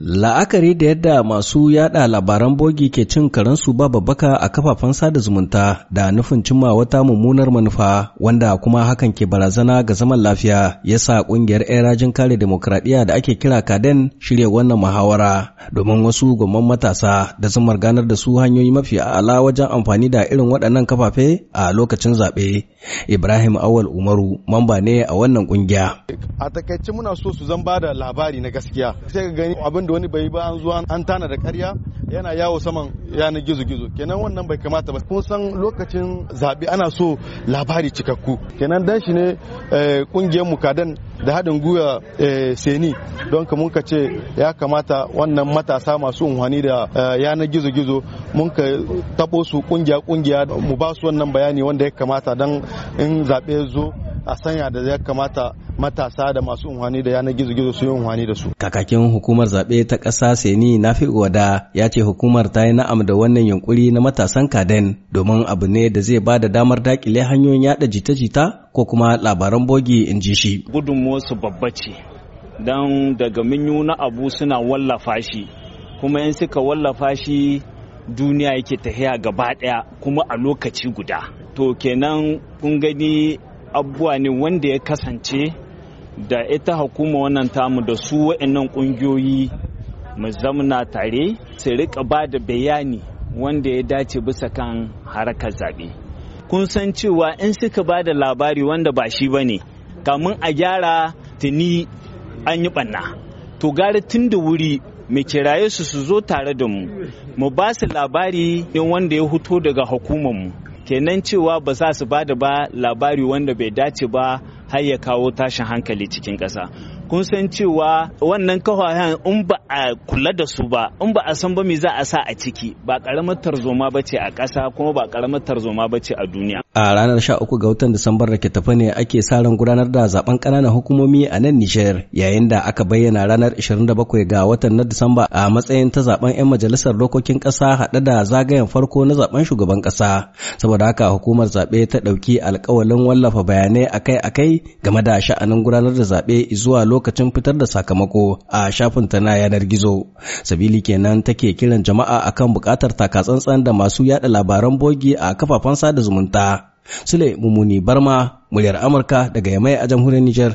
La'akari da yadda masu yada labaran bogi ke cin karensu ba babbaka a kafafen sada zumunta da nufin cimma wata mummunar manufa wanda kuma hakan ke barazana ga zaman lafiya ya sa kungiyar 'yan rajin kare demokradiyya da ake kira kaden shirya wannan muhawara domin wasu gwamman matasa da zumar ganar da su hanyoyi mafi ala wajen amfani da irin waɗannan kafafe a lokacin zaɓe. Ibrahim Awal Umaru mamba ne a wannan kungiya. A takaice muna so su zan ba da labari na gaskiya. Sai gani abin da wani bai ba an zuwa an tana da karya yana yawo saman yanar gizo-gizo kenan wannan bai kamata ba kun san lokacin zaɓe ana so labari cikakku kenan dan shi ne kungiyar eh, mukadan da haɗin guya eh, seni don ka mun ka ce ya kamata wannan matasa masu unhani da eh, yanar gizo-gizo mun ka taɓo su kungiya-kungiya mu ba su wannan bayani wanda ya kamata don in zaɓe zo a sanya da ya kamata matasa da masu unhwani da yanar gizo-gizo su yi unhwani da su. Kakakin hukumar zaɓe ta ƙasa Seni Nafi Wada ya ce hukumar ta yi na'am da wannan yunkuri na matasan Kaden domin abu ne da zai ba da damar dakile hanyoyin yaɗa jita-jita ko kuma labaran bogi in ji shi. Gudunmuwarsu babba ce don daga minyu na abu suna wallafa shi kuma in suka wallafa shi duniya yake tahiya gaba ɗaya kuma a lokaci guda. To kenan kun gani abubuwa ne wanda ya kasance da ita hukuma wannan tamu da su wa'annan kungiyoyi mu zamna tare su rika ba da bayani wanda ya dace bisa kan harkar zaɓe kun san cewa in suka ba da labari wanda ba shi ba ne kamun a gyara tuni an yi ɓanna to gara tun da wuri mu kiraye su su zo tare da mu mu ba su labari ne wanda ya huto daga mu, kenan cewa ba za su ba da ba labari wanda bai dace ba har ya kawo tashin hankali cikin ƙasa kun san cewa wannan kafafen in ba a kula da su ba in ba a san ba me za a sa a ciki ba karamar tarzoma ba ce a ƙasa kuma ba karamar tarzoma ba ce a duniya a ranar 13 ga watan disambar da ke tafi ne ake sa ran gudanar da zaben ƙananan hukumomi a nan Nijar yayin da aka bayyana ranar 27 ga watan na disamba a matsayin ta zaben 'yan majalisar dokokin ƙasa haɗe da zagayen farko na zaben shugaban ƙasa saboda haka hukumar zaɓe ta ɗauki alƙawalin wallafa bayanai akai-akai game da sha'anin gudanar da zaɓe zuwa lokacin fitar da sakamako a shafin ta na yanar gizo. Sabili kenan take kiran jama'a akan buƙatar tsantsan da masu yada labaran bogi a kafafen sada zumunta. Sule Mumuni Barma, muryar Amurka daga Yamai a jamhuriyar Nijar.